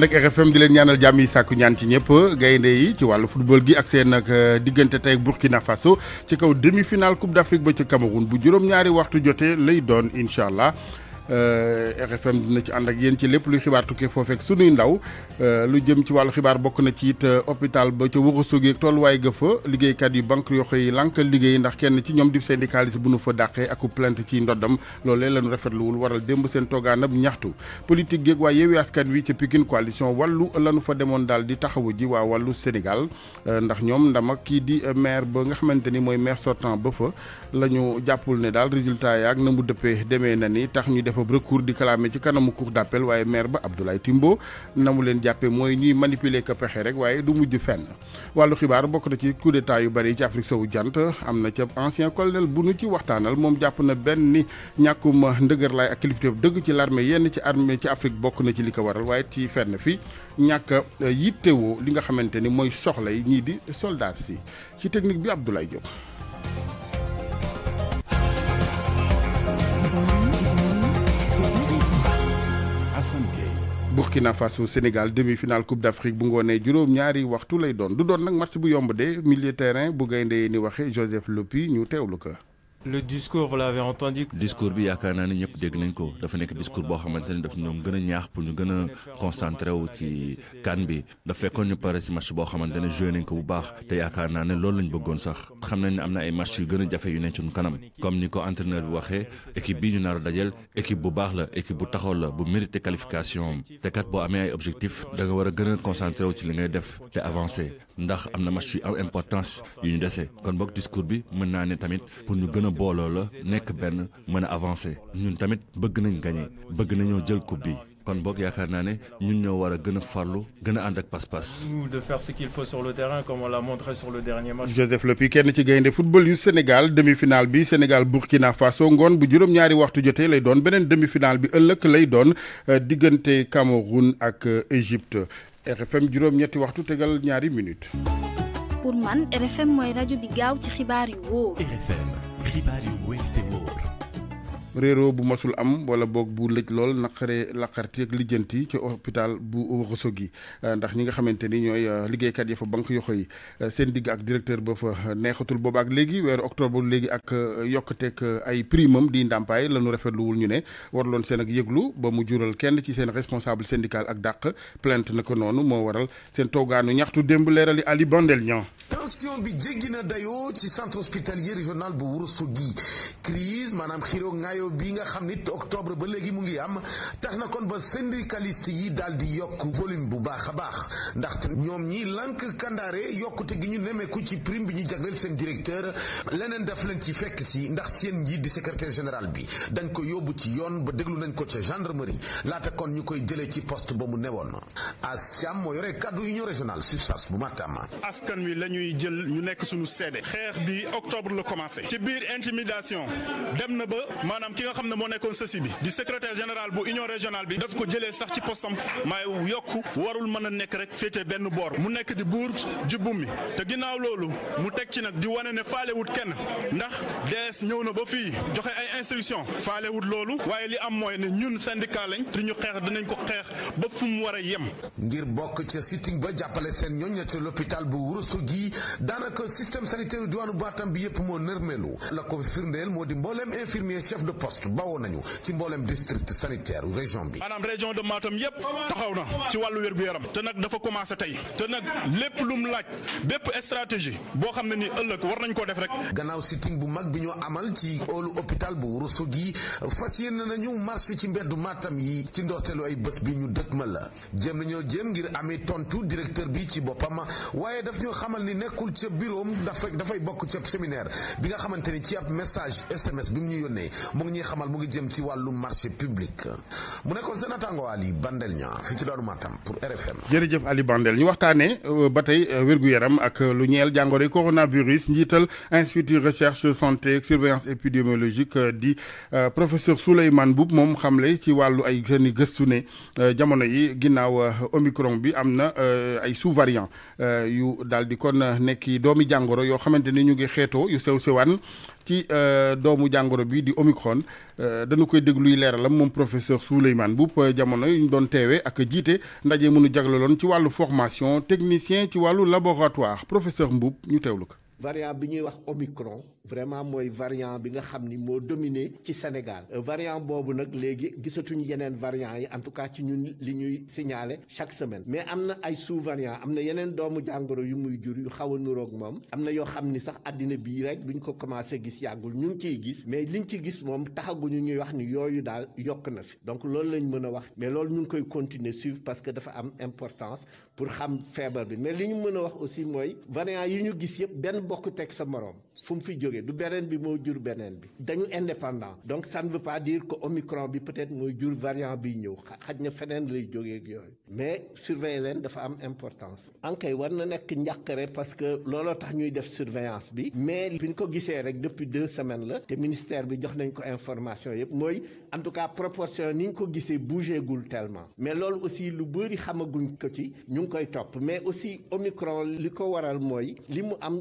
nag RFM di leen ñaanal jàmm yi sàkku ñaan ci ñëpp gaynde yi ci wàllu football gi ak seen nag euh, diggante tey Burkina Faso ci kaw demi-finale Coupe d'Afrique ba ci Cameroun bu juróom-ñaari waxtu jotee lay doon incha allah Euh, RFM dina ci ànd ak yéen ci lépp luy xibaar tukkee foofeek sunuy ndaw euh, lu jëm ci wàllu xibaar bokk na ci it euh, hôpital ba ca Ourossogui ak tolluwaay ga fa liggéeykat yi banque yoo xëy lànkal liggéey ndax kenn ci ñoom di syndicaliste bu nu fa dàqee ak plainte ci ndoddam loolee lañu rafetluwul waral démb seen toogaanab ñaxtu politique géeg waa Yewwi Askan Wi ca Pikine coalition wàllu lañu fa demoon daal di taxawu ji waa wàllu Sénégal ndax ñoom ndama kii di maire ba nga xamante ni mooy maire sortant ba fa la ñu jàppul ne daal résultat yaak na defa recours di kalaame ci kanamu cour d'appel waaye maire ba Abdoulaye Timbo na mu leen jàppee mooy ñuy manipuler ka pexe rek waaye du mujj fenn wàllu xibaar bokk na ci coup d'état yu bari ci Afrique sowu jant am na ca ancien colonel bu nu ci waxtaanal moom jàpp na benn ni ñàkkum ndëgër laay ak kilifté dëgg ci larme yenn ci armée ci Afrique bokk na ci li ko waral waaye ci fenn fi ñàkk a yittewoo li nga xamante ni mooy soxla yi ñii di soldat si ci technique bi Abdoulaye Diop Assane Gueye Burkina Faso Sénégal demi-finale Coupe d'Afrique bu ngoonee juróom-ñaari waxtu lay doon du doon nag match bu yomb de milieu terrain bu gaynde ni waxe Joseph Lopi ñu teewlu ko le discours vous l'avez entendu. discours bi yaakaar naa ne ñëpp dégg nañ ko dafa nekk discours boo xamante ne daf ñoom a ñaax pour ñu gën a concentré wu ci kan bi daf fekkoon ñu pare si match boo xamante ne joué ko bu baax te yaakaar naa ne loolu lañ bëggoon sax xam nañ ne am na ay match yu gën a jafe yu ne ci kanam comme ni ko entraîneur bi waxee équipe bi ñu nar a dajal équipe bu baax la équipe bu taxaw la bu mérité qualification te kat boo amee ay objectif da war a gën a wu ci li ngay def te avancé ndax am na match yu am importance ñu dese kon bi booloo la nekk benn mën a avancé ñun tamit bëgg nañ gagné bëgg nañoo jël coupe bi kon boog yaakaar naa ne ñun ñoo war a gën a farlu gën a ànd ak pas-pas. de faire ce qu'il faut sur le terrain comme on l'a montré sur le dernier match. Joseph Lopy kenn ci gaynde football yu Sénégal demi-finale bi Sénégal Burkina Faso ngoon bu juróom-ñaari waxtu jotee lay doon beneen demi-finale bi ëllëg lay doon euh, diggante Cameroun ak euh, Égypte RFM juróom-ñetti waxtu tegal ñaari minutes. xibaar bu masul am wala boog bu lëj lool naqaree laqarti ak lijjanti ci hopital bu Ourossogui euh, ndax ñi nga xamante ni ñooy euh, liggéeykat yi fa banque yoxo yi euh, seen digg ak directeur ba fa neexatul booba ak léegi weeru octobre léegi ak yokkuteeg ay primam di ndàmpaay lanu rafetluwul ñu ne warloon seen ak yëglu ba mu jural kenn ci seen responsable syndical ak dàq plante na ko noonu moo waral seen toogaanu ñaxtu démb leerali Ali Bandel ñan tension bi jéggi na dayoo ci centre hospitalier régional bu Ourossogui crise maanaam xiroo ngaayo bi nga xam nit octobre ba léegi mu ngi am tax na kon ba syndicaliste yi daal di yokk volume bu baax a baax ndax ñoom ñi lank kandaare yokkute gi ñu nemeeku ci prime bi ñu jagleel seen directeur leneen daf leen ci fekk si ndax seen njiit di secretaire général bi dañ ko yóbbu ci yoon ba déglu nañ ko ca gendarmerie laata kon ñu koy jëlee ci post ba mu ne as Thiam moo yore kàddu union bu Matam askan ñuy jël ñu nekk suñu seede xeex bi octobre la commencé ci biir intimidation dem na ba maanaam ki nga xam ne moo nekkoon sësi bi di secrétaire général bu union régionale bi daf ko jëlee sax ci postam maay yokku warul mën a nekk rek féete benn boor mu nekk di buur jubbum mi te ginnaaw loolu mu teg ci nag di wane ne faalewut kenn ndax dees ñëw na ba fii joxe ay instruction faalewut loolu waaye li am mooy ne ñun syndicat lañ ñu xeex dinañ ko xeex mu war yem ngir bokk bi daanaka système sanitaire diwaanu Batam bi yëpp moo nërmeelu la ko firndeel moo di mbooleem infirmier chef de post bawoo nañu ci mbooleem district sanitaire région bi. maanaam région de Matam yëpp taxaw na ci wàllu wér-gu-yaram te nag dafa commencé tey te nag lépp lu mu laaj bépp stratégie boo xam ne ni ëllëg war nañ koo def rek. gannaaw sitting bu mag bi ñoo amal ci óolu hôpital bu Ourossogui fas yéene nañu marché ci mbeddu Matam yi ci ndorteelu ay bés bi ñu dëkk ma la jéem nañoo jéem ngir amee tontu directeur bi ci boppam ni nekkul ca bureau dafa dafay bokk ca séminaire bi nga xamante ni ci ab message SMS bi mu ñu yónnee mu ngi ñuy xamal mu ngi jëm ci wàllu marché public mu nekkoon seen atango Ali Bandel ñaa fii ci Daaru Matam pour RFM. jërëjëf Ali Bandel ñu waxtaanee euh, ba tey euh, wér yaram ak euh, lu ñeel jàngoro coronavirus njiital institut recherche santé surveillance épidémiologique di professeur Souleymane Boub moom xam xamle ci wàllu ay seen i gëstu ne jamono yi ginnaaw omicron bi am na ay sous nekki doomi jàngoro yoo xamante ni ñu ngi xeetoo yu sew sewaan ci euh, doomu jàngoro bi di Omicron euh, dañu koy dégluy leeralam moom professeur Souleymane Mboup euh, jamono yi ñu doon teewee ak jiite ndaje mënu jagleloon ci wàllu formation technicien ci wàllu laboratoire professeur Mboup ñu teew lu ko. variant bi ñuy wax Omicron. vraiment mooy variant bi nga xam ni moo dominé ci Sénégal euh, variant boobu nag léegi gisatuñu yeneen variant yi en tout cas ci ñun li ñuy signalé chaque semaine mais am na ay sous variant am na yeneen doomu jàngoro yu muy jur yu xaw a nuroog moom am na yoo xam ni sax àddina bii rek buñ ko commencé gis yàggul ñu ngi ciy gis mais li ñu ci gis moom taxaguñu ñuy wax ni yooyu daal yokk na fi donc loolu lañ mën a wax mais loolu ñu ngi koy continuer suivre parce que dafa am importance pour xam feebar bi mais li ñu mën a wax aussi mooy variant yi ñu gis yëpp benn bokk teg sa moroom fu mu fi jógee du beneen bi moo jur beneen bi dañu indépendant donc ça ne veut pas dire que omicron bi peut-être mooy jur variant bi ñëw xaj na feneen lay jógee ak yooyu mais surveiller leen dafa am importance ankay war na nekk njàqare parce que looloo tax ñuy def surveillance bi mais fi ñu ko gisee rek depuis deux semaines la te ministère bi jox nañ ko information yëpp mooy en tout cas proportion ni ñu ko gisee bougé gul tellement mais loolu aussi lu bëri xamaguñ ko ci ñu ngi koy topp mais aussi omicron li ko waral mooy li mu am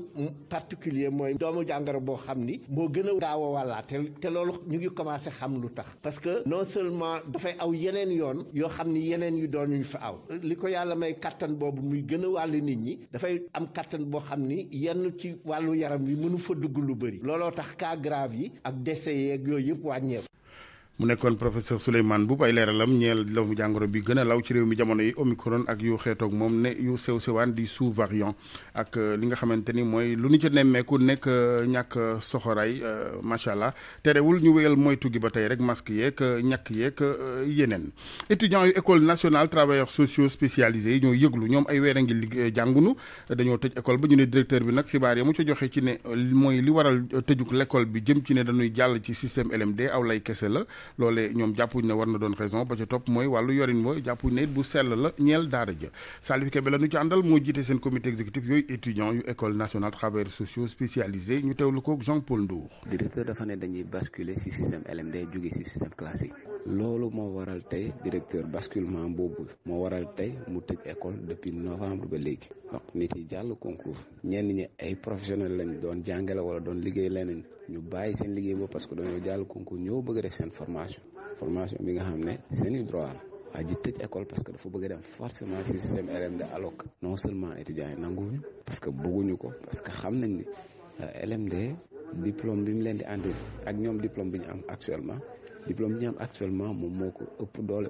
particulier mooy doomu jàngoro boo xam ni moo gën a gaaw a wàllaate te loolu ñu ngi commencé xam lu tax parce que non seulement dafay aw yeneen yoon yoo xam ni yeneen yu doon ñu fa aw li ko yàlla may kattan boobu muy gën a wàll nit ñi dafay am kattan boo xam ni yenn ci wàllu yaram wi mënu fa dugg lu bëri looloo tax cas grave yi ak décès ak yooyu yëpp wàññeeku. mu nekkoon professeur Souleymane Mboup ay leeralam ñeel mu jàngoro bi gën a law ci réew mi jamono yi omicron ak yu xeetoog moom ne yu sew sewaan di sous variant ak euh, li nga xamante ni mooy lu ñu ci nemmeeku nekk euh, ñàkk euh, soxoraay macha allah terewul ñu wéyal moytu gi ba tey rek masque yeeg ñàkk yeeg yeneen étudiants yu école nationale travailleurs sociaux spécialisés yi ñoo yëglu ñoom ay weer a ngi liggéey jàngunu dañoo tëj école ba ñu ne directeur bi nag xibaar ya mu ca joxe ci ne mooy li waral tëjuk l'école bi jëm ci ne dañuy jàll ci système LMD aw kese la loolee ñoom jàppuñ ne war na doon raison ba ca topp mooy wàllu yorin mooy jàppuñ ne it bu sell la ñeel daara ja Salif Kebe la nu ci àndal moo jite seen comité exécutif yooyu étudiants yu école nationale travailleurs sociaux spécialisés ñu teewlu ko Jean Paul Ndour. directeur dafa ne dañuy basculer ci système LMD jóge ci système classique loolu moo waral tey directeur basculement boobu moo waral tey mu teg école depuis novembre ba léegi donc nit yi jàll concours ñenn ñi ay professionnels lañ doon jàngale wala doon liggéey leneen ñu bàyyi seen liggéey boobu parce que dañoo jàll concours ñëw bëgg a def seen formation formation bi nga xam ne seen i droit la tëj école parce que dafa bëgg a dem forcément si système LMD alors non seulement étudiants yi nanguwuñu parce que bëgguñu ko parce que xam nañ ni euh, LMD diplôme bi mu leen di andil ak ñoom diplôme bi ñu am actuellement diplôme bi actuellement moom moo ko ëpp doole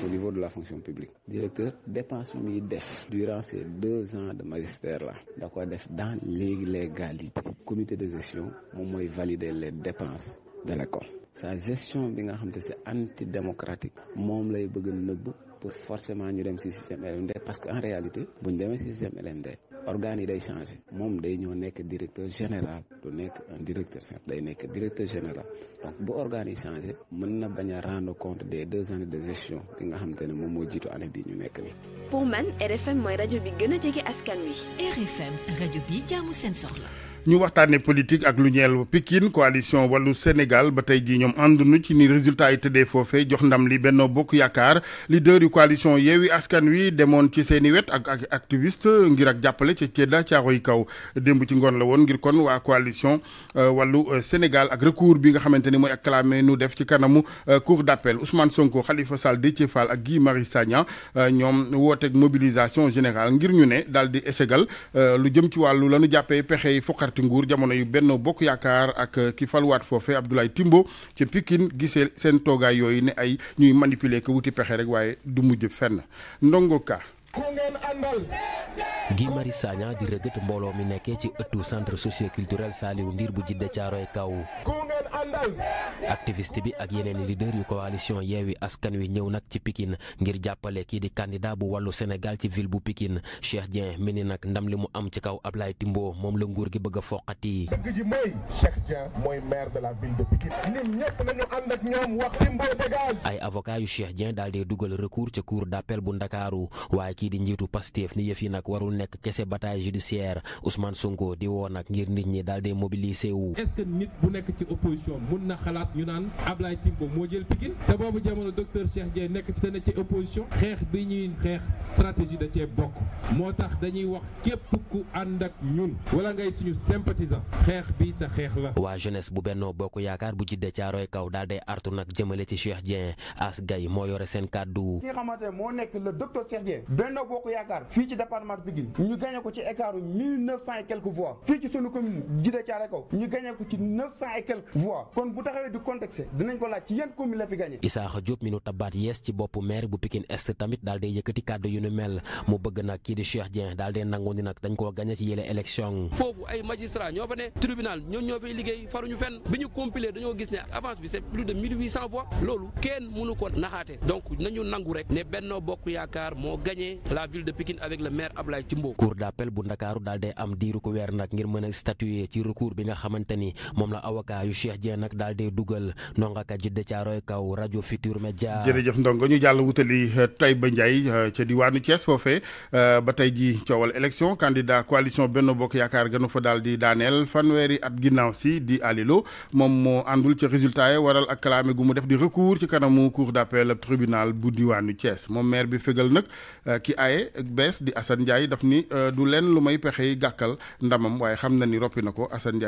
au niveau de la fonction publique directeur dépense yi def durant ces deux ans de magistère la da ko def dans l'illégalité comité de gestion moom mooy valider les dépenses de l'école sa gestion bi nga xam te c'est antidémocratique moom lay bëgg nëbb pour forcément ñu dem ci système LMD parce que en réalité bu ñu demee ci système LMD organes yi day changé moom day ñoo nekk directeur général du nekk un directeur simple nekk directeur général donc bu organes yi changé mën na bañ a rendre compte des deux années de gestion ki nga xam te ne moom moo jiitu année bi ñu nekk ni pour man RFM mooy rajo bi gën jege askan wi. RFM rajo bi jaamu seen ñu waxtaanee politique ak lu ñeel Pikine coalition wallu Sénégal ba tey jii ñoom ànduñu ci ni résultat yi tëddee foofee jox ndam li Benno Bokk Yaakaar li leader yu coalition Yewwi Askan Wi demoon ci seen wet ak ak activiste ngir ak jàppale ci Cedda Caaroy Kaw démb ci ngoon la woon ngir kon waa coalition euh, wàllu euh, Sénégal ak recours bi nga xamante ni mooy ak clamé nu def ci kanamu euh, cour d'appel Ousmane Sonko Khalifa Sall Déthié Fall ak Guy Marius Sagna ñoom wooteeg mobilisation générale ngir ñu ne daal di éségal lu jëm ci wàllu lanu jàppee pexe yi ñetti nguur jamono yu benn Bokk Yaakaar ak ki faluwaat foofe Abdoulaye Timbo ci pikin gisee seen toogaay yooyu ne ay ñuy manipuler ko wuti pexe rek waaye du mujj fenn ndongo ka Guy Marius Sagna di rëgët mbooloo mi nekkee ci ëttu centre socioculturel Saliou Ndir bu jidde Caaroy kaw àndal bi ak yeneen leader yu coalition yeewi askan wi ñëw nag ci Pikine ngir jàppale kii di candidat bu wallu senegal ci ville bu pikin Cheikh Dieng mi ni nag ndam li mu am ci kaw Ablaye Timbo moom la nguur gi bëgg a foqati. ay avocat yu Cheikh Dieng daal di dugal recours ca cour d'appel bu Ndakaaru waaye kii di njiitu Pastef ni yëf yi nag warul nekk kese bataille judiciaire Ousmane Sonko di woo nag ngir nit ñi daal di mobiliser wu. opposition mun na xalaat ñu naan Ablaye Timbo moo jël Pikine te boobu jamono docteur Cheikh nekk fi te ne ci opposition xeex bi ñuy xeex stratégie da cee bokk moo tax dañuy wax képp ku ànd ak ñun wala ngay suñu sympathisant xeex bi sa xeex la. waa jeunesse bu Benno Bokk Yaakaar bu jiddee Caaroy kaw daal day artu nag jëmale ci Cheikh Dieng as gay moo yore seen kàddu. ki xamante ne moo nekk le docteur Cheikh Dieng Benno Bokk Yaakaar fii ci département Pikine ñu gagné ko ci écart mille neuf fii ci sunu ñu gagné ko ci neuf fois kon bu taxawee di contexte dinañ ko laaj ci yan commune la fi gagné. Isaaxa Diop mi nu tabaat yees ci boppu maire bu Pikine Est tamit daal di yëkkati kàddu yu nu mel mu bëgg nag kii di Cheikh Dieng daal di nangu ni nag dañ koo gagné ci yële élection. foofu ay magistrat ñoo fa ne tribunal ñoo ñoo fay liggéey faruñu fenn bi ñu compilé dañoo gis ne avance bi c'est plus de 1800 loolu kenn mënu ko naxaate donc nañu nangu rek ne Benno Bokk Yaakaar moo gagné la ville de Pikine avec le maire Ablaye Thimbo. cour d'appel bu Ndakaaru daal di bi nga xamante ni moom la avocat yu Cheikh jee nag daal di dugal ndonga ka jidd caaroy kaw rajo Futur Media. jërëjëf ndongo ñu jàll wutali eh, Taïba Ndiaye eh, ca diwaanu Thiès foofee eh, ba tey ji coowal élection candidat coalition benn Bokk Yaakaar gënu fa daal di daaneel fanweeri at ginnaaw si di alilo moom moo àndul ca résultat yi waral ak kalaame gu mu def di recours ci kanamu cour d'appel tribunal bu diwaanu Thiès moom maire bi fégal nag ki aaye bees di Assane Ndiaye daf ni du lenn lu may pexe yi gàkkal ndamam waaye xam na ko Assane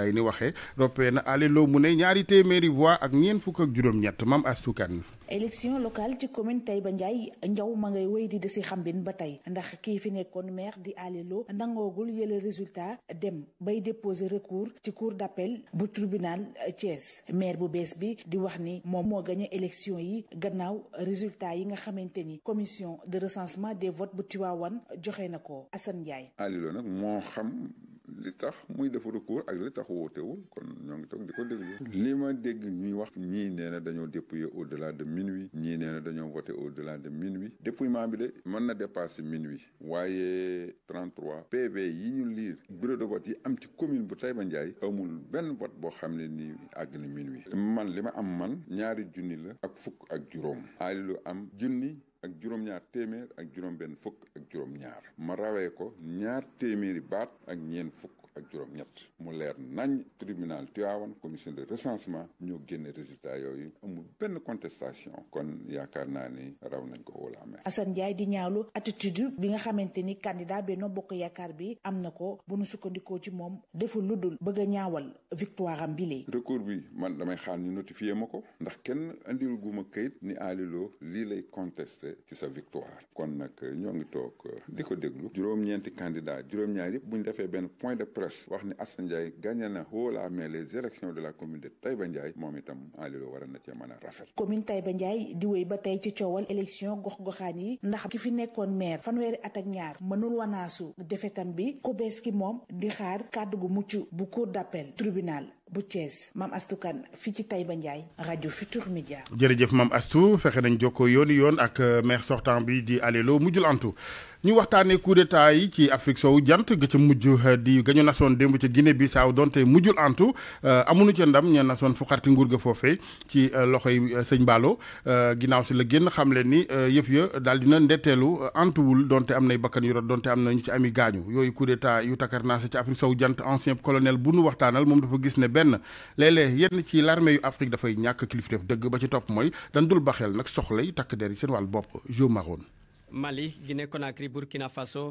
ñaari téeméeri voix ak ñeent fukk ak juróom-ñett mam astukan élection locale ci commune Taïba Ndiaye Ndiaw ma ngay wéy di desi xambin ba tey ndax kii fi nekkoon maire di Alelo nangoogul yële résultat dem bay déposer recours ci cour d'appel bu tribunal Thiès maire bu bees bi di wax ni moom moo gañe élection yi gannaaw résultat yi nga xamante ni commission de recensement des votes bu wan joxe na ko Assane Ndiaye. Alelo nag moo xam. li tax muy defu recours ak li tax wootewul kon ñoo ngi toog di ko déglu. li ma dégg ñuy wax ñii nee na dañoo dépouiller au delà de minuit ñii nee na dañoo voté au delà de minuit dépouillement bi de mën na dépasser minuit waaye 33 PV yi ñu liir bureau de vote yi am ci commune bu Taïba Ndiaye amul benn vote boo xam ne nii àgg na minuit man li ma am man ñaari junni la ak fukk ak juróom aali lu am junni ak juróom-ñaar téeméer ak juróom-benn fukk ak juróom-ñaar ma rawee ko ñaar téeméeri baat ak ñeent fukk ak juróom-ñett mu leer nañ tribunal Tivaouane commission de recensement ñoo génne résultat yooyu amul benn contestation kon yaakaar naa ni raw nañ ko wala amee. Assane Ndiaye di ñaawlu attitude bi nga xamante ni candidat Benno Bokk Yaakaar bi am na ko bu nu sukkandikoo ci moom deful lu dul bëgg a ñaawal victoire am bile. recours bi man damay xaar ñu notifié ma ko ndax kenn andiwul guma kayit ni aliloo lii lay contesté ci sa victoire kon nag ñoo ngi toog di ko déglu juróom-ñeenti candidat juróom-ñaar yëpp bu ñu benn point de presse wax ni Assane Ndiaye gagné na haut la main les élections de la commune de Taïba moom itam Aliou Lo war na cee mën a rafet. commune Taïba Ndiaye di wéy ba tey ci coowal élection gox-goxaan yi ndax ki fi nekkoon maire fanweeri at ak ñaar mënul wanaasu defetam bi ku bees ki moom di xaar kàddu gu mucc bu cour d'appel tribunal. bu Thiès maam Astou Kane fii ci Taïba Ndiaye rajo Futur Média. jërëjëf maam Astou fexe nañ jokkoo yooni yoon ak euh, maire sortant bi di Alelo mujjul antu ñu waxtaanee coup d'état yi ci Afrique soowu jant ga ca mujj euh, di gañu nasoon démb ca Guinée Bissau donte mujjul antu euh, amuñu ca ndam ña nasoon fu xarti nguur ga foofee ci loxoy sëñ Mballo ginnaaw si la génn xam leen ni yëf ya daal dina colonel bu nu waxtaanal moom dafa gis ne benn léeg-léeg yenn ci l'armée yu Afrique dafay ñàkk kilifteef dëgg ba ci topp mooy dañ dul baxeel nag soxla yi takk der yi seen wàllu bopp jo maroon Mali Guinée Conakry Burkina Faso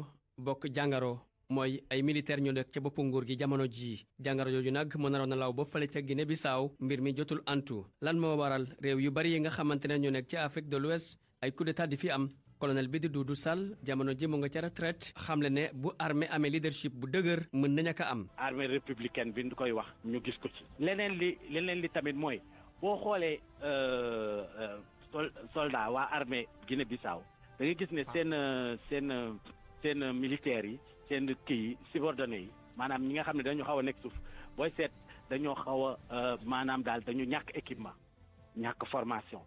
bokk jàngaro mooy ay militaire ñu nekk ca boppu nguur gi jamono jii jàngaro jooju nag mu naroon na law ba fële ca Guinée Bissau mbir mi jotul antu lan moo waral réew yu bari yi nga xamante ne ñu nekk ca Afrique de l'Ouest ay coup d'état fi am colonel bi di du sal jamono ji mu nga ca retraite xamle ne bu armee amee leadership bu dëgër mën nañu ko am. armée républicaine bi ñu koy wax ñu gis ko ci. leneen li leneen li tamit mooy boo xoolee euh, euh, sol soldat waa armée gine Bissau da nga gis ne ah. seen seen seen militaires yi seen kii yi subordonnés yi maanaam ñi nga xam ne dañu xaw a nekk suuf booy seet dañoo xaw a euh, maanaam daal dañu ñàkk équipement ñàkk formation.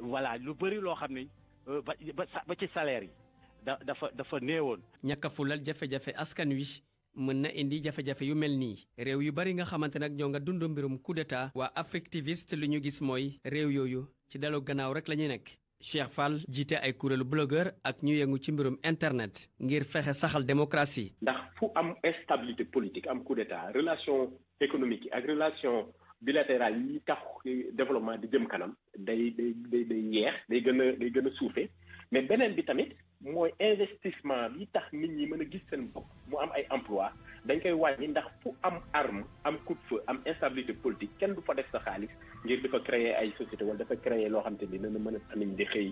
voilà lu bëri loo xam ne Euh, ba ci salaire yi da dafa dafa néewoon. ñàkk a fulal jafe-jafe askan wi. mën na indi jafe-jafe yu mel nii réew yu bari nga xamante nag ñoo nga dund mbirum coup d'état waa Africtiviste li ñu gis mooy réew yooyu ci dalu gannaaw rek la nekk Cheikh Fall jiite ay kuréelu blogueur ak ñu yëngu ci mbirum internet ngir fexe saxal démocratie ndax fu am instabilité politique am coup d'état relation économique yi ak relation bilatéral yi tax développement di jëm kanam day day day day yeex day gën a day gën a suufee mais beneen bi tamit mooy investissement bi tax nit ñi mën a gis seen bopp mu am ay emploi dañ koy wàññi ndax fu am arme am coupe-feu am instabilité politique kenn du fa def sa xaalis ngir dafa créer ay société wala dafa créer loo xam te ni dana mën a amiñ di xëy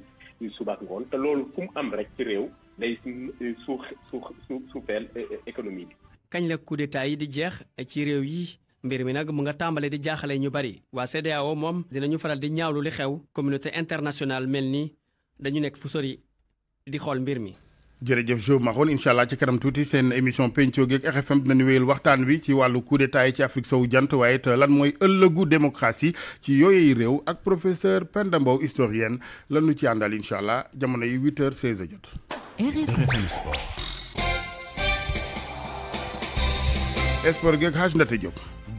suba ak ngoon te loolu fu am rek ci réew day suux suux suufeel e, e, économie bi. kañ la coup d'état yi di jeex ci réew yi. mbir mi nag mu nga tàmbale di jaaxale ñu bari waa CEDEAO moom dinañu faral di ñaawlu li xew communauté internationale mel ni dañu nekk fu sori di xool mbir mi. jërëjëf Jo Maroon incha allah ci kanam tuuti seen émission pencoo gi ak RFM dinañu wi ci wàllu coup d'état yi ci Afrique sowu waaye lan mooy ëllëgu démocratie ci yooyu réew ak professeur Penda Mbow historienne lan nu ci àndal incha jamono yi 8h16 a jot. RFM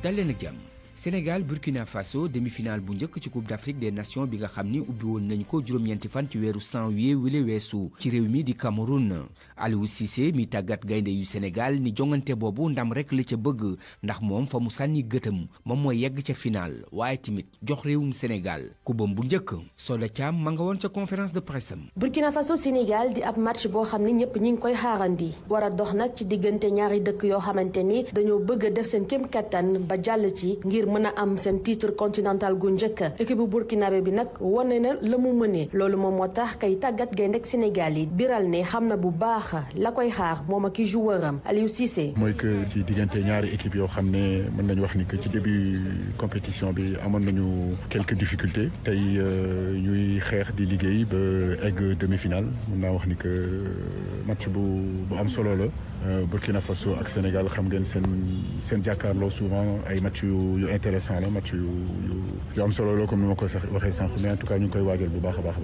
dal leen ak jàmm Sénégal Burkina Faso demi-finale bu njëkk ci Coupe d'Afrique des Nations bi nga xam ni ubbi woon nañu ko juróom-ñeenti fan ci weeru janvier wile weesu ci réew mi di na Aliou Cissé mi tàggat gaynde yu Sénégal ni jongante boobu ndam rek la ca bëgg ndax moom fa mu sànni gëtëm moom mooy yegg ca final waaye tamit jox réewum Sénégal kubam bu njëkk Soda Thiam ma nga woon ca conférence de presse am. Burkina Faso Sénégal di ab match boo xam ni ñëpp ñu ngi koy xaarandi war a dox nag ci diggante ñaari dëkk yoo xamante ni dañoo bëgg a def seen kem kattan ba jàll ci ngir mën a am seen tiitre continental gu njëkk équipe bu burkinabé bi nag wane na la mu mënee loolu moom moo tax kay tàggat gaynde Sénégal yi tax la koy xaar moom ak i joueur am mooy que ci diggante ñaari équipe yoo xam ne mën nañu wax ni que ci début compétition bi amoon nañu quelque difficultés tey euh, ñuy xeex di liggéey ba egg demi-finale mën naa wax ni que euh, match bu bu am solo la. Euh, Burkina Faso ak Sénégal xam ngeen seen seen jàkkaarloo souvent ay match yu yu intéressant la match yu yu am solo la ko ni ma ko sax waxee sànq mais en tout cas ñu ngi koy waajal bu baax a a baax.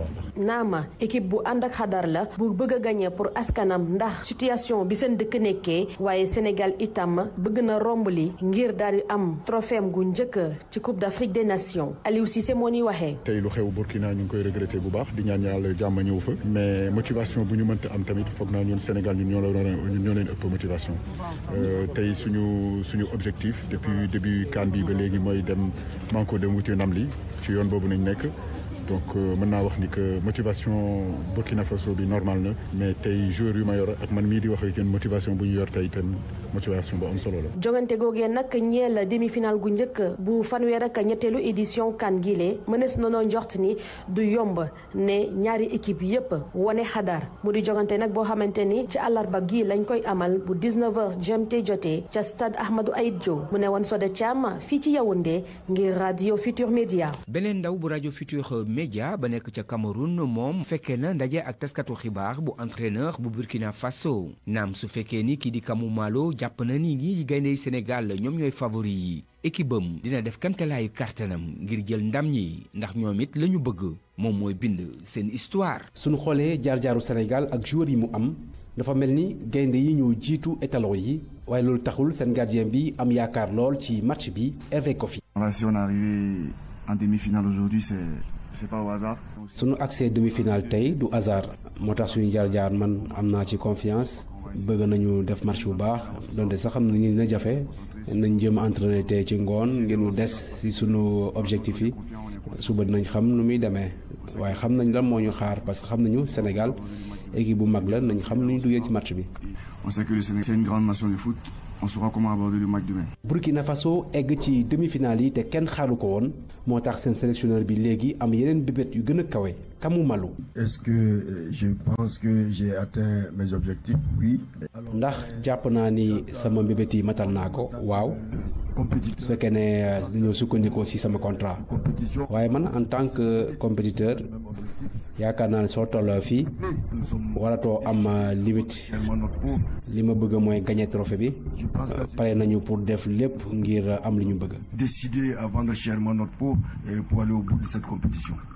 la bëgg a gagné pour askanam ndax situation bi seen dëkk nekkee waaye Sénégal itam bëgg na romb li ngir daal di am trophée gu njëkk ci Coupe d'Afrique des Nations Aliou Cissé moo ni waxee. tey lu xew Burkina ñu ngi koy regretté bu baax di ñaan yàlla jàmm ñëw fa mais motivation bu ñu mënta am tamit foog naa ñun Sénégal ñun ñoo la leen ëpp motivation euh, tey suñu suñu objectif depuis début CAN bi ba léegi mooy dem manko dem wuti ndam li ci yoon boobu nañ nekk donc euh, mën naa wax ni que motivation Burkina Faso bi normal na mais tey joueur yu ma yor ak man mii di wax ak yéen motivation bu ñu yor tey itam motivation bu am solo la. jongante googee nag ñeel demi final gu njëkk bu fanweer ñetteelu édition kan giile mënees na noo njort ni du yomb ne ñaari équipe yépp wane xadar mu di jongante nag boo xamante ni ci àllarba gii lañ koy amal bu 19h GMT jotee ca stade Ahmadou Ahid Diop mu ne woon Sode Thiam fii ci Yaoundé ngir radio Futur Média. beneen ndaw bu radio Futur Média ba nekk ca Cameroun moom fekkee na ndaje ak taskatu xibaar bu entraîneur bu Burkina Faso naam su fekkee jàpp na ni ñi gaynde Sénégal ñoom ñooy favori yi équipe am dina def kamtelaayu kàttanam ngir jël ndam ñi ndax ñoom it la ñu bëgg moom mooy bind seen histoire. suñu xoolee jaar-jaaru Sénégal ak joueur yi mu am dafa mel ni gaynde yi ñoo jiitu étalon yi waaye loolu taxul seen gardien bi am yaakaar lool ci match bi Hervé Kofi. voilà si on en demi-finale aujourd'hui c'est c'est tey du hasard moo tax suñu jaar-jaar man am naa ci confiance. bëgg nañu def marche bu baax donte sax xam nañu dina jafe nañ jëm entraîné tey ci ngoon ngir mu des si sunu objectif yi suba dinañ xam nu muy demee waaye xam nañ lan moo ñu xaar parce que xam nañu Sénégal équipe bu mag la nañ xam nu ñu duggee ci match bi. On on saura comment aborder le match demain. Burkina Faso egg ci demi-finale yi te kenn xaaru ko woon moo tax seen sélectionneur bi léegi am yeneen bébét yu gën a kawe kamu malu. est-ce que euh, je pense que j'ai atteint mes ndax jàpp naa ni sama mbébét yi matal naa ko waaw. su fekkee ne euh, dañoo sukkandikoo ci sama contrat. waaye man en tant que compétiteur yaakaar naa ne soo tolloo fii waratoo am uh, limite li ma bëgg mooy gagner trophée bi pare nañu pour def lépp ngir uh, am li ñu bëgg. décider à vendre chèrement pour aller au bout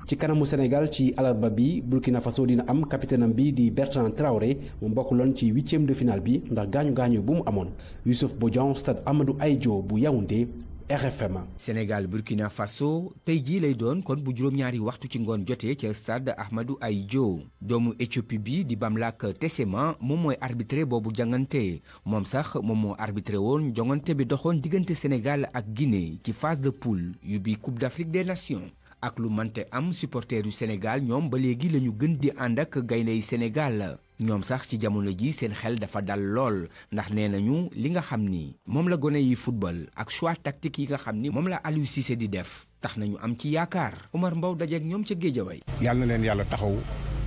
ci kanamu Sénégal ci alarba bi Burkina Faso dina am capitaine am bi di Bertrand Traoré mu bokkuloon ci huitième de finale bi ndax gaañu gaañu bu mu amoon Youssouf Bodian stade ay Ahidjo bu Yaoundé. RFM Sénégal Burkina Faso tey jii lay doon kon bu juróom-ñaari waxtu ci ngoon jotee ca stade ay Ahidjo doomu Éthiopie bi di Bamlak Tessema moom mooy arbitre boobu jangante moom sax moom moo arbitré woon jongante bi doxoon diggante Sénégal ak Guinée ci phase de poule yu bi Coupe d'Afrique des Nations ak lu mante am supporters yu Sénégal ñoom ba léegi la ñu gën di ànd ak gaynde gayndeyu Sénégal ñoom sax ci jamono ji seen xel dafa dal lool ndax nee nañu li nga xam ni moom la gone yi football ak choix tactique yi nga xam ni moom la Aliou Cissé di def tax nañu am ci yaakaar Omar Mbow dajeek ñoom ca Géejawaay. yàlla na leen yàlla taxaw.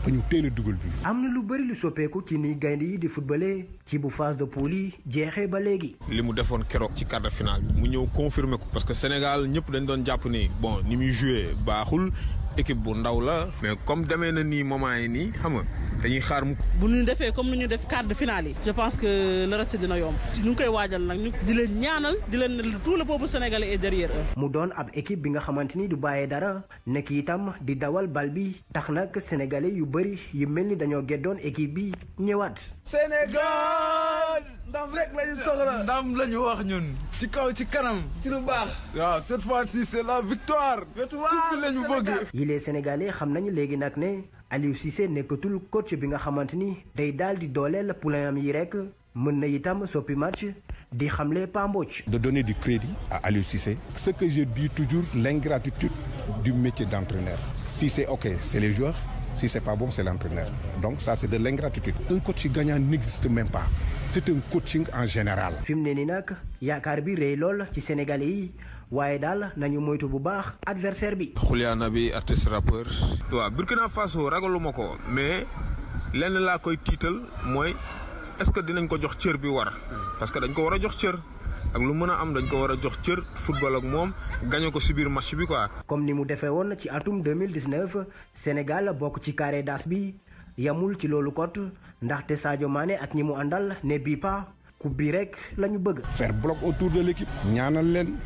ba ñu bi am na lu bëri lu soppeeku ci ni gaynde yi di footballé ci bu phase de poule jeexee ba léegi. li mu defoon keroog ci quart finale bi mu ñëw confirmer ko parce que Sénégal ñëpp dañ doon jàpp ni bon ni muy joué baaxul équipe bu ndaw la. mais comme demee na nii moment yi nii xam nga dañuy xaar mu. bu ñu defee comme ni ñu def quart de finale yi. je pense que le reste dina yomb. ñu ngi koy waajal nag ñu di leen ñaanal di leen tout le peuple sénégalais est derrière eux. mu doon ab équipe bi nga xamante ni du bàyyee dara nekk itam di dawal bal bi tax nag sénégalais yu bëri yi mel ni dañoo geddoon équipe bi ñëwaat. Sénégal. ndam rek lañu soxla ndam lañu wax ñun ci kaw ci kanam ci lu baax waaw cette fois-ci c'est la victoire victoire lañu bëgg yi les sénégalais xam nañu léegi nag ne Aliou Cissé nekkatul coach bi nga xamante ni day daal di dooleel poulain am yi rek mën na itam soppi match di xamle Pambodj. de donner du crédit à Aliou Cissé. ce que je dis toujours l'ingratitude du métier d'entraîneur. si c'est ok c'est les joueurs si c'est pas bon c'est l'entraîneur donc ça c'est de l'ingratitude. un coach gagnant même pas. c'est un coaching en général. fi mu ne nii nag yaakaar bi rëy lool ci Sénégalais yi waaye daal nañu moytu bu baax adversaire bi. Xuliana bi artiste rappeur. waaw Burkina Faso ragaluma ko mais lenn laa koy tiital mooy est-ce dinañ ko jox cër bi war. parce que dañ ko war a jox cër. ak lu mën a am dañ ko war a jox cër football ak moom gañe ko si biir match bi quoi. comme ni mu defee woon ci atum 2019 Sénégal bokk ci carré daas bi. yamul ci loolu kot ndaxte Sadio Mané ak ñi mu àndal ne bii pa coupe bi rek la ñu bëgg. faire bloc autour de l'équipe ñaanal leen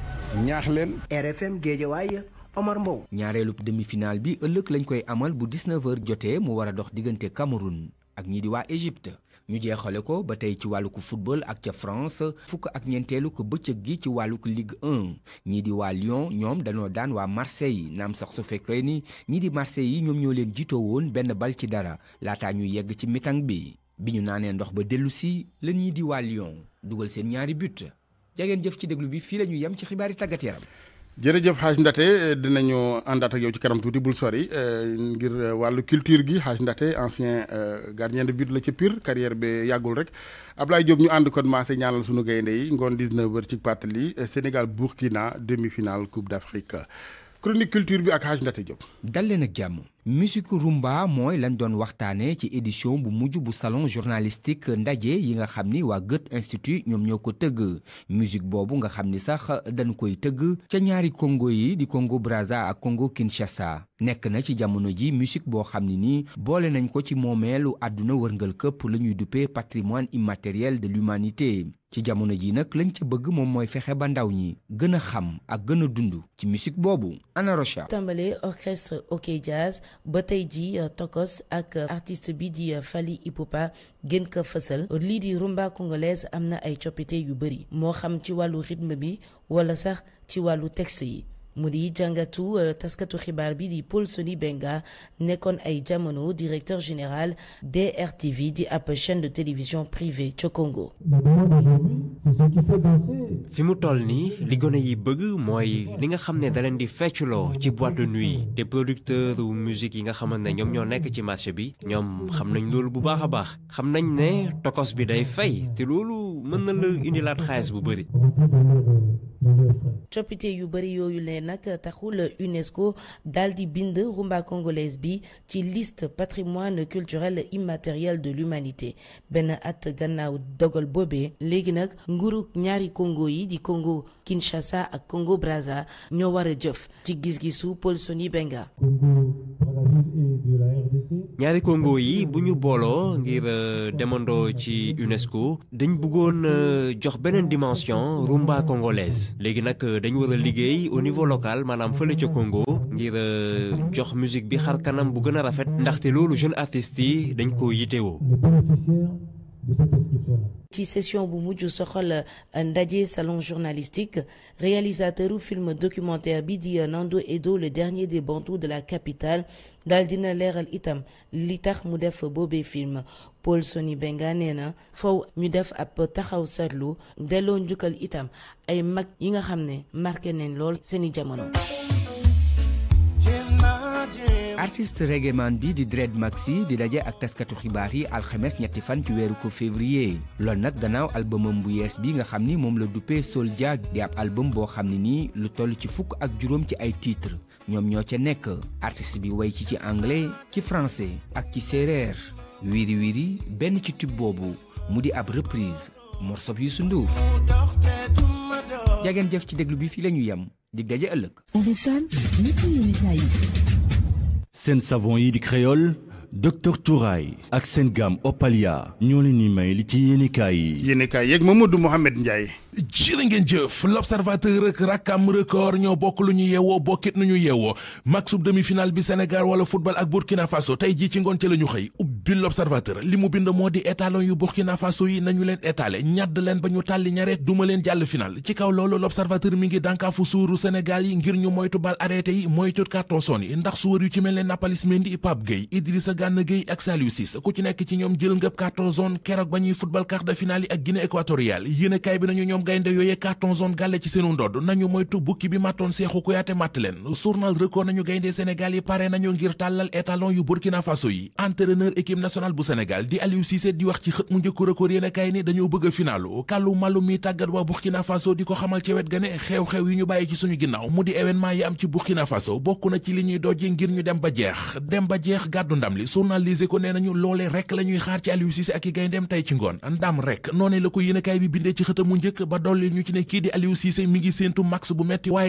ñaax leen. RFM waaye Omar Mbow. ñaareelu demi-finale bi ëllëg lañ koy amal bu 19h jotee mu war a dox diggante Cameroun. ak ñii di waa Égypte ñu jeexale ko ba tey ci wàllug football ak ca France fukk ak ñeenteelu ko bëccëg gi ci wàllug Ligue 1 ñii di waa Lyon ñoom dañoo daan waa Marseille naam sax su fekkee ni ñii di Marseille yi ñoom ñoo leen jiitoo woon benn bal ci dara laataa ñu yegg ci mitan bi bi ñu naanee ndox ba dellu si la ñii di waa Lyon dugal seen ñaari but jageen jëf ci déglu bi fii la ñu yem ci xibaari tàggat yaram jërëjëf xaaj ndate dinañu àndaat ak yow ci kanam tuuti bul sori euh, ngir wàllu culture gi xaaj ndate ancien euh, gardien de but la ci Pire carrière bi yàggul rek Ablaye Diop ñu ànd kon maase ñaanal suñu gaynde yi ngoon 19h ci pàttali euh, Sénégal Burkina demi-finale Coupe d'Afrique chronique culture bi ak xaaj ndate Diop. dal leen ak jàmm. musiku rumba mooy lañ doon waxtaane ci édition bu mujj bu salon journalistique ndaje yi nga xam ni waa Goethe Institut ñoom ñoo ko tëgg musique boobu nga xam ni sax dañu koy tëgg ca ñaari Congo yi di kongo Brazza ak kongo Kinshasa nekk na ci jamono ji musique boo xam ne nii boole nañ ko ci moomeelu àdduna wërngal këpp la ñuy duppee patrimoine immatériel de l'humanité ci jamono ji nag lañ ca bëgg moom mooy fexe ba ndaw ñi gën a xam ak gën a dund ci musique boobu Anna Rocha tàmbale orchestre OK ba tey ji euh, tokos ak euh, artiste bi ji euh, Fally Ipupa gën ko fësal lii di rumba congolaise am na ay coppite yu bëri moo xam ci wàllu rythme bi wala sax ci wàllu texte yi mu di jàngatu euh, taskatu xibaar bi di Paul Soni Benga nekkoon ay jamono directeur général DRTV di ab chaîne de télévision privée ca Congo. fi mu toll nii li gone yi bëgg mooy li nga xam ne da leen di fecculoo ci boîte de nuit te producteur wu musique yi nga xamante ne ñoom ñoo nekk ci marché bi ñoom xam nañ loolu bu baax a baax xam nañ ne tokos bi day fay te loolu mën na la indilaat xaalis bu bëri. coppite yu bëri yooyu lee nag taxul UNESCO daal di bind rumba congolaise bi ci liste patrimoine culturel immatériel de l'humanité benn at gannaaw dogal boobee léegi nag nguru ñaari Congo yi di Congo Kinshasa ak kongo Brazza ñoo war a jëf ci gis gi Paul Soni Benga ñaari Congo yi bu ñu booloo ngir euh, demandoo ci UNESCO dañ bëggoon euh, jox beneen dimension rumba congolaise léegi nag euh, dañu war a liggéey au niveau local maanaam fële ca Congo ngir euh, jox musique bi xar kanam bu gën a rafet ndaxte loolu jeune artistes yi dañ ko yitewoo ci session bu mujj soxal euh, ndaje salon journalistique réalisateuru film documentaire bi di euh, Nando Edo le dernier des bantous de la capitale daal dina leeral itam li tax mu def boobee film Paul Soni Benga nee na faw ñu def ab taxaw seetlu delloo njukkal itam ay mag yi nga xam ne marqué nañ lool seeni jamono. artiste reggae man bi di Dred Maxi di daje ak taskatu xibaar yi alxames ñetti fan ci weeru ko février lool nag gannaaw albumam bu yees bi nga xam ni moom la duppee Soldier di ab album boo xam ne nii lu toll ci fukk ak juróom ci ay titre ñoom ñoo ca nekk artiste bi way ci ci anglais ci français ak ci séeréer wiri wiri benn ci tube boobu mu di ab reprise morsob yu sunduur jageen jëf ci déglu bi fii la ñu yem dig daje ëllëg seen savon yi di créole docteur Touraay ak seen gaam Opalia ñoo leen ni may li ci yéenekaay yi yéenekaay yeeg Mamadou Mouhamed Ndiaye jërë ngeen jëf l'observateur ak rakkam record ñoo bokk lu ñu yeewoo bokkit nu ñu yeewoo maxub demi-finale bi Sénégal wala football ak Burkina Faso tey jii ci ngoon ci la ñu xëy bi l'observateur li mu bind moo di étalon yu Burkina Faso yi nañu leen étalé ñadd leen ba ñu tàlli ñareet duma leen jàll final ci kaw loolu l'observateur mi ngi dànkaafu suuru Sénégal yi ngir ñu moytu bal arrêté yi moytu carton yi ndax suwar yu ci mel ne Nampalys Mendy Pape Gueye Idrissa Gana Gueye ak Saliou ku ci nekk ci ñoom jël ngëb carton keroog ba ñuy football quart de finale yi ak Guinée équatoriale yéene bi nañu ñoom gaynde yooyee carton équipe nationale bu Sénégal di Aliou di wax ci xët mu njëkk record yéen a kaay ne dañoo bëgg a finalu kàllu malum mi tàggat waa Burkina Faso di ko xamal ci wet ga ne xew-xew yi ñu bàyyi ci suñu ginnaaw mu di événement yi am ci Burkina Faso bokk na ci li ñuy dojji ngir ñu dem ba jeex dem ba jeex gàddu ndam li journalisé ko nee nañu loolee rek la ñuy xaar ci Aliou Cissé ak i gayndeem tey ci ngoon ndam rek noonee la ko yéen bi bindee ci xëtam mu njëkk ba dolli ñu ci ne kii di Aliou Cissé mi ngi séentu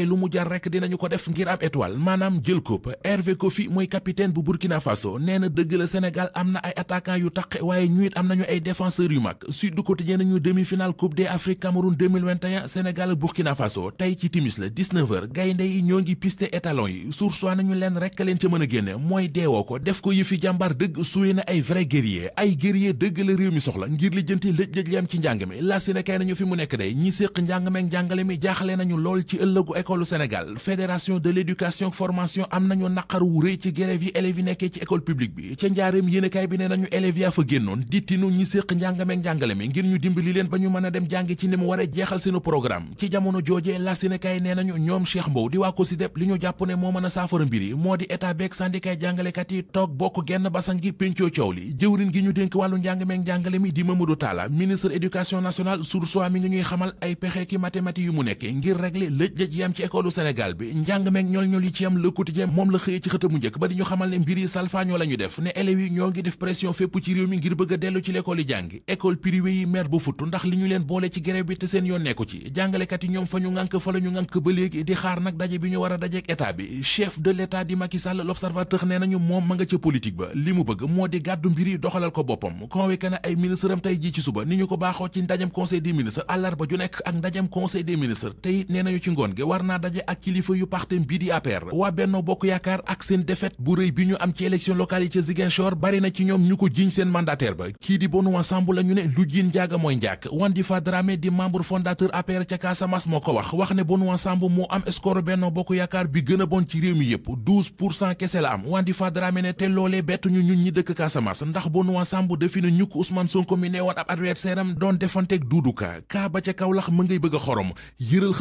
lu mu jar rek dinañu ko def ngir am étoile maanaam jël coupe Hervé Kofi mooy capitaine bu Burkina Faso nee na dëgg la Sénégal am na ay attaquant yu taqe waaye ñu am nañu ay défenseurs yu mag Sud du Quotidien nañu demi-finale Coupe d'Afrique Cameroun 2021 Burkina Faso tey ci timis la 19h gaynde yi ñoo ngi piste étalon yi sursoi nañu leen rekk leen ca mën a génne mooy deewoo ko def ko yëfi jàmbaar dëgg suwe na ay vrai guerrier ay guerrier dëgg la réew mi soxla ngir lijjanti lëj-lëj li ci njàng mi la nañu fi mu nekk day ñi séq njàng meek njàngale mi jaaxle nañu yéenekaay bi ne nañu élèves yaa fa génnoon di ñi séq njàngameek njàngale mi ngir ñu dimbali leen ba ñu mën a dem jàngi ci ni mu war jeexal seenu programme ci jamono joojee la yéenekaay nañu ñoom Cheikh Mbow di waa COSYDEP li ñu jàpp ne moo mën a saafara mbir yi moo di état beeg syndicat jàngalekat yi toog bokk genn basan gi péncoo coow li jëwriñ gi ñu dénk wàllu njàngameek njàngale mi di Mamadou Talla ministre éducation nationale sursoit mi ngi bi njàng meeg def pression fépp ci réew mi ngir bëgg dellu ci l'école yi jàngi école privée yi mer bu futt ndax li ñu leen boole ci grève bi te seen yoon nekku ci jàngalekat ñoom fa ñu ngànk fa la ñu ba léegi di xaar nag daje bi ñu war a dajeek état bi chef de l'état di Macky Sall l'observateur nee nañu moom ma nga ca politique ba li mu bëgg moo di gàddu mbir yi doxalal ko boppam convoqué na ay ministre am tey ji ci suba ni ñu ko baaxoo ci ndajam conseil des ministres bari na ci ñoom ñu ko jiñ seen mandataire ba kii di Bonu Ensemble la ne lu jiin njaaga mooy njaak Wandifa Dramé di membre fondateur APR ca Casamance moo ko wax wax ne Bonu Ensemble moo am score Benno Bokk Yaakaar bi gën a bon ci réew mi yëpp kese la am Wandifa Dramé ne te loolee bettu ñu ñi dëkk Casamance ndax Bonu Ensemble defi ñukk Ousmane Sonko mi neewoon ab adversaire doon defanteeg Doudou Ka ca Kaolack mu ngay bëgg a xorom yëral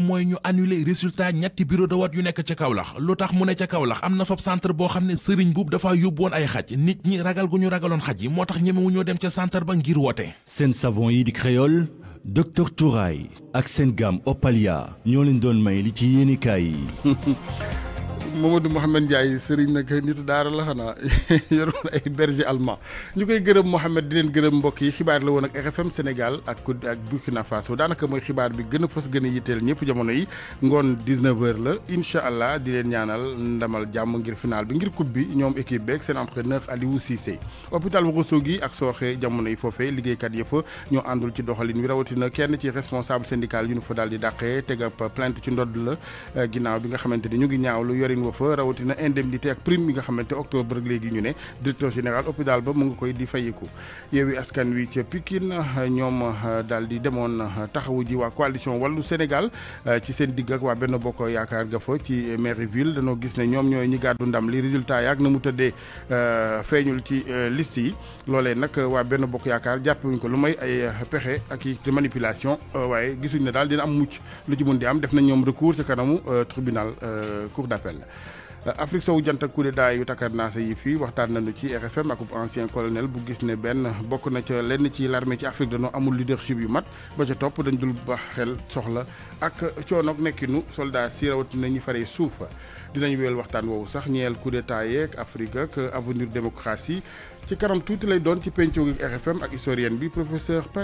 xët mooy ñu annuler résultat ñetti bureau de vote yu nekk ca Kaolack lu tax mu ne ca Kaolack am na fab centre boo xam ne sëriñ buub dafa yóbbu woon ay xaj nit ñi ragal gu ñu ragaloon xaj yi moo tax ñemewu ñoo dem ca centre ba ngir woote seen savon yi di créole docteur Touraay ak seen gamme Opalia ñoo leen doon may li ci yéenekaay yi Mamadou Mouhamed Ndiaye sëriñ nag nitu daara la xanaa yoroon ay berger allemand ñu koy gërëm Mouhamed di leen gërëm mbokk yi xibaar la woon ak RFM Sénégal ak ak Burkina Faso daanaka mooy xibaar bi gën a fës gën a yitteel ñëpp jamono yi ngoon 19 la incha allah di leen ñaanal ndamal jàmm ngir final bi ngir coupe bi ñoom équipe beeg seen entraîneur Aliou Cissé hôpital Ourossogui ak sooxe jamono yi foofee liggéeykat ya fa ñoo àndul ci doxalin wi rawatina kenn ci responsable syndical yu ñu fa daal di dàqee tegab plainte ci la eh, ginnaaw bi nga xamante ni fa rawatina indemnité ak prime yi nga xamante octobre léegi ñu ne directeur général hôpital ba mu nga koy di fayiku Yewwi Askan Wi ca Pikine ñoom euh, daal di demoon euh, taxawu ji waa coalition wàllu Sénégal euh, ci seen digg ak waa benn bokk yaakaar ga fa ci mairie ville danoo gis ne ñoom ñooy ñi gàddu ndam li résultat yaak na mu tëddee feeñul ci liste yi loolee nag waa benn bokk yaakaar jàppewuñ ko lu may ay pexe ak ci manipulation waaye gisuñ ne daal dina am mucc lu ci mun di am def nañ ñoom recours ca kanamu tribunal cour d'appel Euh, Afrique sowu jant ak coup d'état yu takkar naase yi fii waxtaan nañu ci RFM ak ancien colonel bu gis ne benn bokk na ca lenn ci l'armée ci Afrique dañoo amul leadership yu mat ba ca topp dañ dul baax xel soxla ak coonoog nekkinu soldat si rawatina ñi faree suuf dinañ wéyal waxtaan woowu sax ñeel coup d'état yeeg Afrique ak avenir démocratie ci kanam tuuti lay doon ci penco gi RFM ak historienne bi professeur